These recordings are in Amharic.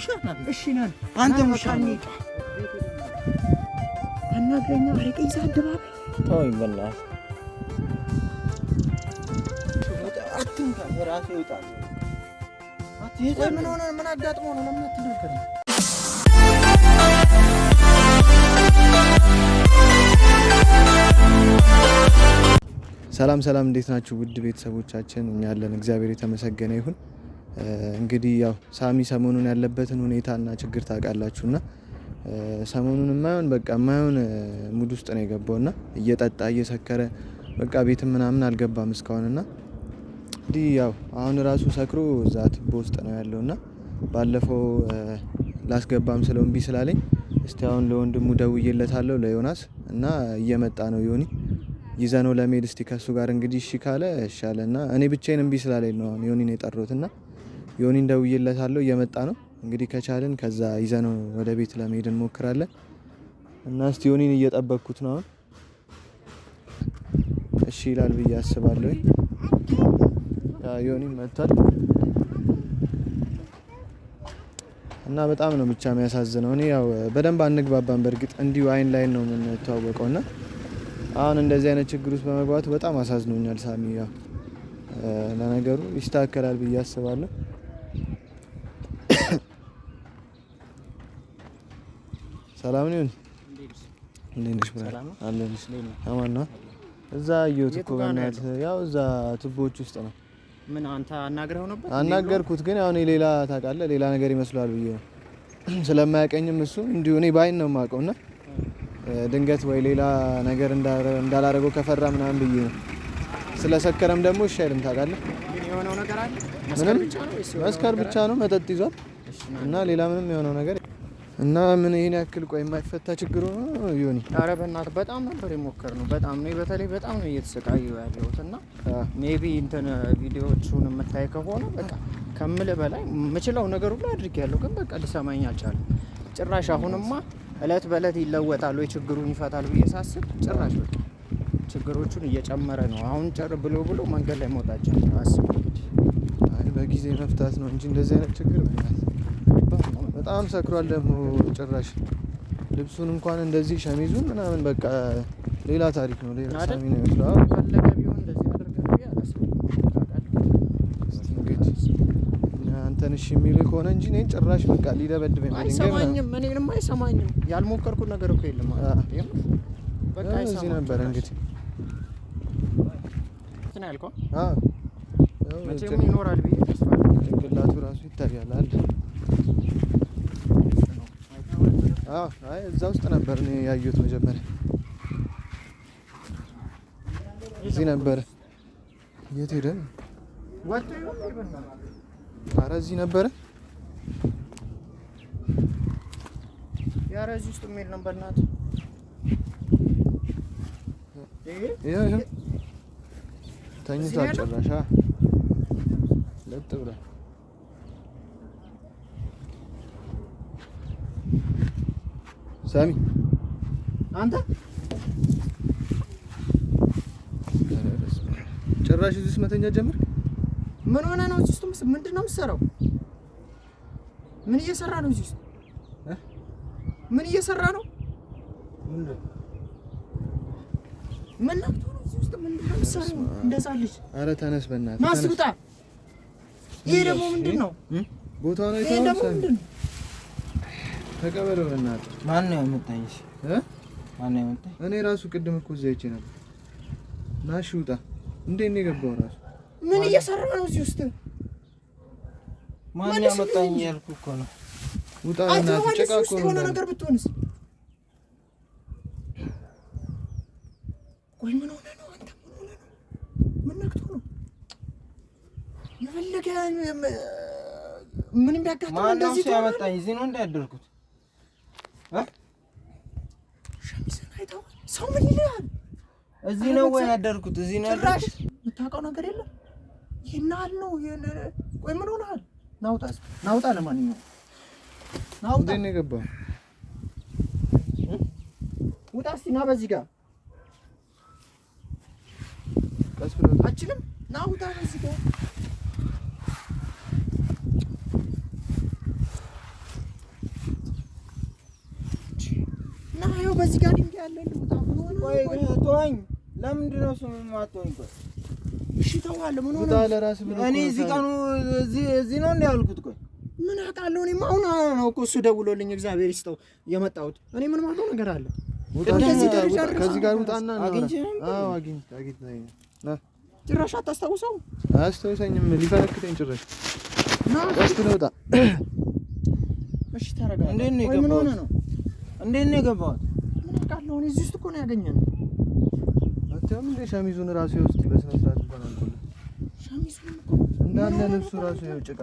ውሻ አንተ ውሻ ሰላም ሰላም እንዴት ናችሁ ውድ ቤተሰቦቻችን እኛ ያለን እግዚአብሔር የተመሰገነ ይሁን እንግዲህ ያው ሳሚ ሰሞኑን ያለበትን ሁኔታና ችግር ታውቃላችሁ ሰሞኑን የማይሆን በቃ የማይሆን ሙድ ውስጥ ነው የገባውና እየጠጣ እየሰከረ በቃ ቤትም ምናምን አልገባም እስካሁንና እንዲህ ያው አሁን ራሱ ሰክሮ እዛ ትቦ ውስጥ ነው ያለውና ባለፈው ላስገባም ስለው እምቢ ስላለኝ እስቲ አሁን ለወንድሙ ደውዬለታለሁ ለዮናስ እና እየመጣ ነው ዮኒ ይዘነው ለመሄድ እስቲ ከሱ ጋር እንግዲህ እሺ ካለ ይሻለ እና እኔ ብቻዬን እምቢ ስላለኝ ነው አሁን ዮኒን የጠሩት እና ዮኒ እንደውዬለታለሁ እየመጣ ነው። እንግዲህ ከቻልን ከዛ ይዘነው ወደ ቤት ለመሄድ እንሞክራለን እና እስቲ ዮኒን እየጠበቅኩት ነው። እሺ ይላል ብዬ አስባለሁ። ዮኒን መጥቷል እና በጣም ነው ብቻ የሚያሳዝነው። እኔ ያው በደንብ አንግባባን። በእርግጥ እንዲሁ አይን ላይን ነው የምንተዋወቀው እና አሁን እንደዚህ አይነት ችግር ውስጥ በመግባቱ በጣም አሳዝኖኛል ሳሚ። ያው ለነገሩ ይስተካከላል ብዬ አስባለሁ። ሰላም ነው። ነሽ? ነው። እዛ አየሁት እኮ በእናትህ ያው እዛ ቱቦዎች ውስጥ ነው። ምን አንተ አናግረኸው ነበር? አናገርኩት፣ ግን ያው ሌላ ታውቃለህ፣ ሌላ ነገር ይመስላል ብዬ ነው ስለማያቀኝም እሱ እንዲሁ እኔ ባይን ነው የማውቀው እና ድንገት ወይ ሌላ ነገር እንዳላደረገው ከፈራ ምናምን ብዬ ነው። ስለሰከረም ደግሞ እሺ አይልም ታውቃለህ። መስከር ብቻ ነው፣ መጠጥ ይዟል እና ሌላ ምንም የሆነው ነገር እና ምን ይሄን ያክል ቆይ የማይፈታ ችግሩ ሆኖ ዮኒ፣ ኧረ በእናትህ በጣም ነበር የሞከርነው። በጣም ነው በተለይ በጣም ነው እየተሰቃየሁ ያለሁት እና ሜቢ እንትን ቪዲዮዎቹን የምታይ ከሆነ በቃ ከምልህ በላይ የምችለው ነገር ሁሉ አድርጌያለሁ፣ ግን በቃ ሊሰማኝ አልቻለም ጭራሽ። አሁንማ እለት በእለት ይለወጣል ወይ ችግሩን ይፈታል ብዬ ሳስብ ጭራሽ በቃ ችግሮቹን እየጨመረ ነው። አሁን ጭር ብሎ ብሎ መንገድ ላይ መውጣት ጀምሮ አስብ። በጊዜ መፍታት ነው እንጂ እንደዚህ አይነት ችግር በጣም ሰክሯል። ደግሞ ጭራሽ ልብሱን እንኳን እንደዚህ ሸሚዙን ምናምን በቃ ሌላ ታሪክ ነው። ሌላ ሳሚ ነው ይመስላል። አንተን እሺ የሚል ከሆነ እንጂ እኔን ጭራሽ በቃ ሊደበድበኝ አይሰማኝም። እኔንም አይሰማኝም። ያልሞከርኩት ነገር እኮ የለም። በቃ እዚህ ነበር እንግዲህ እንትን ያልከው መቼም ይኖራል ብዬ ተስፋ ጭንቅላቱ ራሱ ይታያል። አይደል? አይ እዛ ውስጥ ነበር እኔ ያየሁት መጀመሪያ እዚህ ነበር። የት ሄደ? ኧረ እዚህ ነበረ። ኧረ እዚህ ውስጥ የሚል ነበር። እናትህ ተኝቷል ጭራሽ ለጥ ብሏል። ሳሚ አንተ ጭራሽ እዚህ መተኛ ጀምር። ምን ሆነ ነው? እዚህ ውስጥ ምንድን ነው የምትሰራው? ምን እየሰራ ነው? እዚህ ውስጥ ምን እየሰራ ነው? ምን ነው እዚህ ነው ተነስ በእናትህ። ናስ ይሄ ደግሞ ምንድን ነው? ቦታውን ነው ይሄ ደግሞ ምንድን ነው ተቀበለው። በእናትህ እ ማን ነው ያመጣኝ? እኔ ራሱ ቅድም እኮ እዚያ አይቼ ነበር። ና እሺ ውጣ። እንዴት ነው የገባው? ራሱ ምን እየሰራ ነው እዚህ ውስጥ? ማነው ያመጣኝ ያልኩህ እኮ ነው። ውጣ በእናትህ። ጭቃ እኮ ነው ነገር ብትሆንስ? ቆይ ምን ሆነ ነው አንተ? ምን ሆነ ነው? ምን ነክቶ ነው የፈለገ ምን ቢያጋጥም እንደዚህ ነው እንዳያደርኩት ሸሚዝን አይተው ሰው ምን ይልሃል? እዚህ ነው ወይ ያደርኩት? እዚህ ነው ጭራሽ የምታውቀው ነገር የለም። ይህን ያህል ነው። ቆይ ምን ሆነሃል? ናውጣ ናውጣ። ለማንኛውም ናውጣ። እንዴት ነው የገባው? ውጣ እስኪ ና፣ በዚህ ጋር ቀስ ብሎ አችልም። ና በዚህ ጋር ይኸው በዚህ ጋር ድንጋይ አለ። ተወኝ። ለምንድን ነው እሱ የማትሆኝ? ቆይ እሺ ተዋለሁ። ምን ሆነ? እኔ እዚህ ቀኑ እዚህ ነው እንደ ያልኩት። ቆይ ምን አውቃለሁ። እኔማ አሁን ነው እኮ እሱ ደውሎልኝ እግዚአብሔር ይስጠው የመጣሁት። እኔ ምን ማውቀው ነገር አለ? ከዚህ ጋር ውጣና ጭራሽ አታስታውሰው? አያስታውሰኝም። ሊፈነክተኝ ጭራሽ ቀስት ልውጣ። እሺ ተረጋጋ። እንዴት ነው የገባሁት? አውቃለሁ። እኔ እዚህ ውስጥ እኮ ነው ያገኘን። አታም እንደ ሸሚዙን ራሱ ውስጥ በስነ ስርዓት እንኳን አልቆለ ሸሚዙን እኮ እንዳለ ልብሱ ራሱ ነው ጭቃ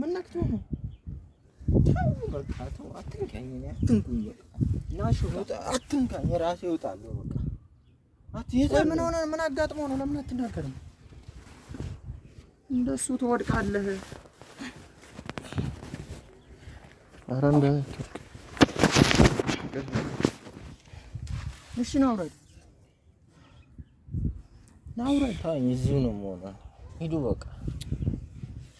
ምን ነክቶ ነው? ተው በቃ ተው፣ አትንካኝ፣ አትንኩኝ፣ በቃ ናሽ ወጣ፣ አትንካኝ፣ ራሴ እወጣለሁ። በቃ አትይዘ ምን ሆነ? ምን አጋጥሞ ነው? ለምን አትናገርም? እንደሱ ትወድቃለህ። አረ እንደ እሺ ናውረድ እዚሁ ነው ሂዱ በቃ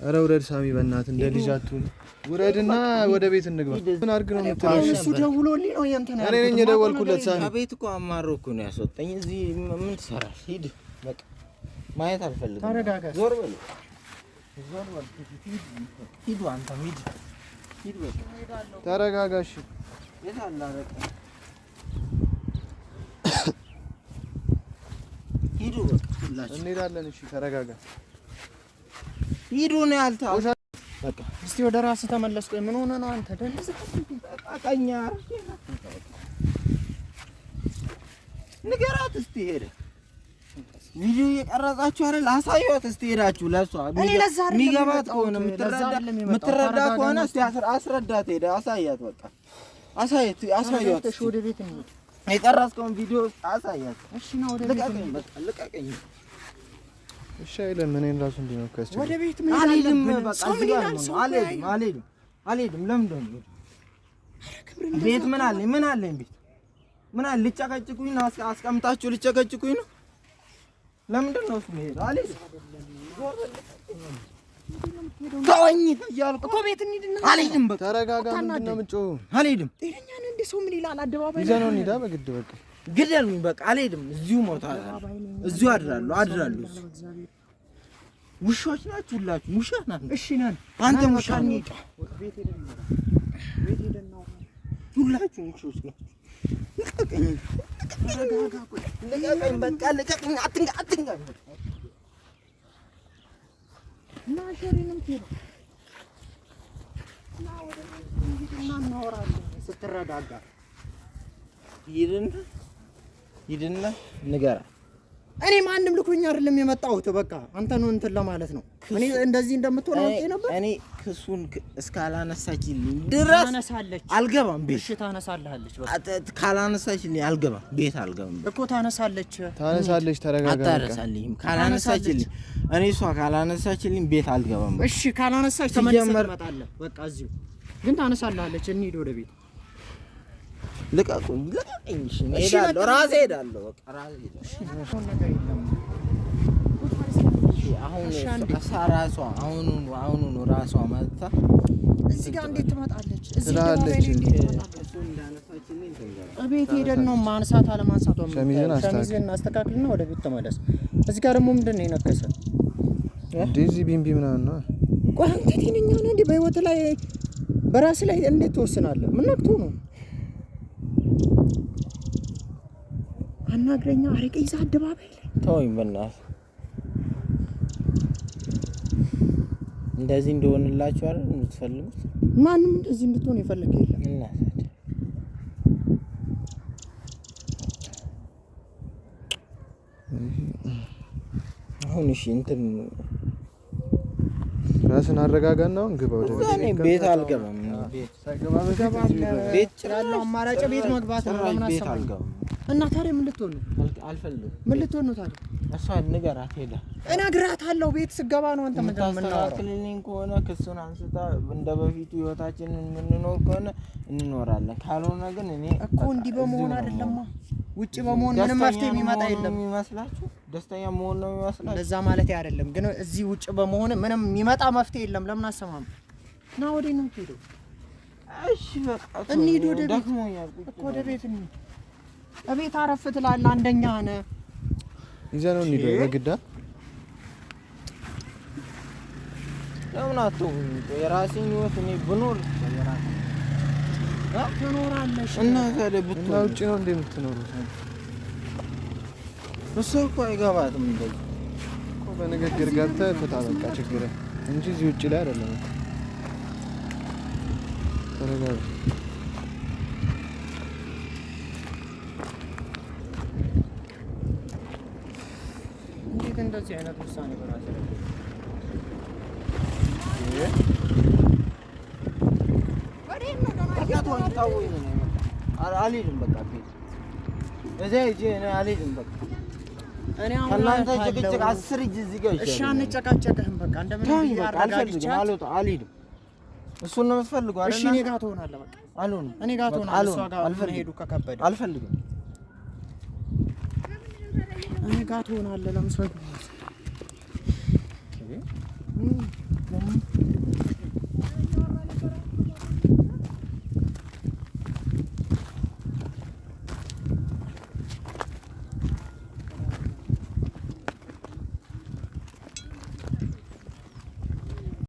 ኧረ ውረድ ሳሚ በእናትህ እንደ ልጅ አትሁን ውረድና ወደ ቤት እንግባ ምን አድርግ ነው የምትለው እሱ ደውሎልኝ ነው ነው እኔ ነኝ የደወልኩለት ሳሚ እኮ አማሮ እኮ ነው ያስወጣኝ እዚህ ምን ትሰራለህ ሂድ በቃ ማየት አልፈልግም ተረጋጋ ዞር በል ዞር በል ሂድ ሂድ በቃ የት አለ አረቀ ሂዱ፣ ሁላችሁ እንሄዳለን። እሺ ተረጋጋ፣ ሂዱ ነው ያልተው። በቃ እስቲ ወደ ራስህ ተመለስ። ቆይ ምን ሆነህ ነው አንተ? ደንዝ ንገራት እስቲ ሄደ ቪዲዮ እየቀረጻችሁ አይደል? አሳዩት እስቲ ሄዳችሁ ለሷ የሚገባት ከሆነ የምትረዳ ከሆነ እስቲ አስረዳት። ሄደ አሳያት፣ በቃ አሳያት፣ አሳያት ወደ ቤት የቀረስከውን ቪዲዮ አሳያት። እሺ ነው ወደ ቤት ልቀቀኝ። እሺ ወደ ቤት ምን አልሄድም። በቃ ቤት ምን አለኝ? ምን አለኝ? ቤት ምን አለ? ልጨቀጭቁኝ ነው አስቀምጣችሁ፣ ልጨቀጭቁኝ ነው። ለምንድን ነው እሱ የምሄደው? አልሄድም። ተወኝ እያልኩ እኮ ቤት እንሂድና አልሄድም። በቃ ተረጋጋ። ምንድን ነው የምትጮኸው? አልሄድም እንዴ ሰው ምን ይላል? አደባባይ ይዘነው እንሂዳ። በግድ በቃ ግድ በቃ አልሄድም። እዚሁ ሞታለሁ፣ እዚሁ አድራለሁ፣ አድራለሁ። ውሾች ናችሁ ሁላችሁም፣ ውሻ ናት። እሺ ነን። አንተም ውሻ ነህ። ሁላችሁም ውሾች ናችሁ። ልቀቀኝ፣ ልቀቀኝ፣ በቃ ልቀቀኝ። አትንጋ፣ አትንጋ። ስትረጋጋ ሂድና ሂድና ንገራ። እኔ ማንም ልኮኝ አይደለም የመጣሁት። በቃ አንተ ነው እንትን ለማለት ነው። እኔ እንደዚህ እንደምትሆን አውቄ ነበር። እኔ ክሱን እስካላነሳችልኝ ድረስ አልገባም ቤት። እሺ ታነሳለች። በቃ ካላነሳችልኝ አልገባም ቤት አልገባም እኮ ታነሳለች፣ ታነሳለች። ተረጋጋ። አታነሳልኝም። ካላነሳችልኝ እኔ እሷ ካላነሳችልኝ ቤት አልገባም። እሺ ካላነሳች ተመለሰ ትመጣለህ። በቃ እዚሁ ግን ታነሳለች። እንሂድ ወደ ቤት ልቀቁኝ፣ ልቀቁኝ። እሄዳለሁ፣ ራሴ እሄዳለሁ። አሁኑኑ ራሷ መታ እዚህ ጋር እንዴት ትመጣለች? ስላለች ቤት ሄደን ነው ማንሳት አለማንሳቷ። ሸሚዝህን አስተካክልና ወደ ቤት ተመለስ። እዚህ ጋር ደግሞ ምንድን ነው የነከሰ እንደዚህ ቢምቢ ምናምን ነው። ቆይ አንተ ጤነኛ ነህ? በህይወት ላይ በራስህ ላይ እንዴት ትወስናለህ? ምን ነክቶ ነው አናግረኛ አረቄ ይዛ አደባባይ ላይ ተወኝ። በእናትህ እንደዚህ እንደሆንላችሁ አይደል የምትፈልጉት? ማንም እንደዚህ እንድትሆን የፈለገ የለም። አሁን እሺ እንትን ራስን አረጋጋና አሁን ግባ ወደ ቤት። ቤት አልገባም። ጭራለሁ። አማራጭ ቤት መግባት ነው። ቤት አልገባም? እና ታዲያ ምን ልትሆን ነው? አልፈልግም። ምን ልትሆን ነው ታዲያ? እሷ ንገራት ሄዳ እነግራታለሁ። ቤት ስገባ ነው አንተ የምታስተካክልልኝ ከሆነ ክሱን አንስታ እንደ በፊቱ ህይወታችንን የምንኖር ከሆነ እንኖራለን፣ ካልሆነ ግን እኔ እኮ እንዲህ በመሆን አይደለማ ውጭ በመሆን ምንም መፍትሄ የሚመጣ የለም የሚመስላችሁ ደስተኛ መሆን ነው የሚመስላችሁ። ለዛ ማለት አይደለም ግን እዚህ ውጭ በመሆን ምንም የሚመጣ መፍትሄ የለም። ለምን አሰማም ና ወዴት ነው የምትሄደው? እሺ በቃ እንሂድ ወደ ቤት እኮ ወደ ቤት እንሂድ እቤት አረፍ ትላለህ። አንደኛ ነህ። ይዘህ ነው እንሂድ። በግዳ ለምን አትሆን? የራሴን ህይወት እኔ ብኖር ትኖራለሽ እና ውጭ ነው እንደ የምትኖሩት። እኮ አይገባትም እንደዚህ እኮ በንግግር ገብተህ ፍታ በቃ ችግር እንጂ እዚህ ውጭ ላይ አይደለም። ተረጋጋ እንደዚህ አይነት ውሳኔ በራሴ አልሄድም። በቃ እዚያ ሂጅ። እኔ አልሄድም። በቃ ጭቅጭቅ አስር ሂጅ። እዚህ ጋር አልሄድም። እሱን ነው የምትፈልገው እኔ ጋር ትሆናለህ። በቃ አልሆንም። እኔ ጋር ትሆናለህ። እሷ ጋር አልፈልግም ጋ ትሆናለህ ለምሳሌ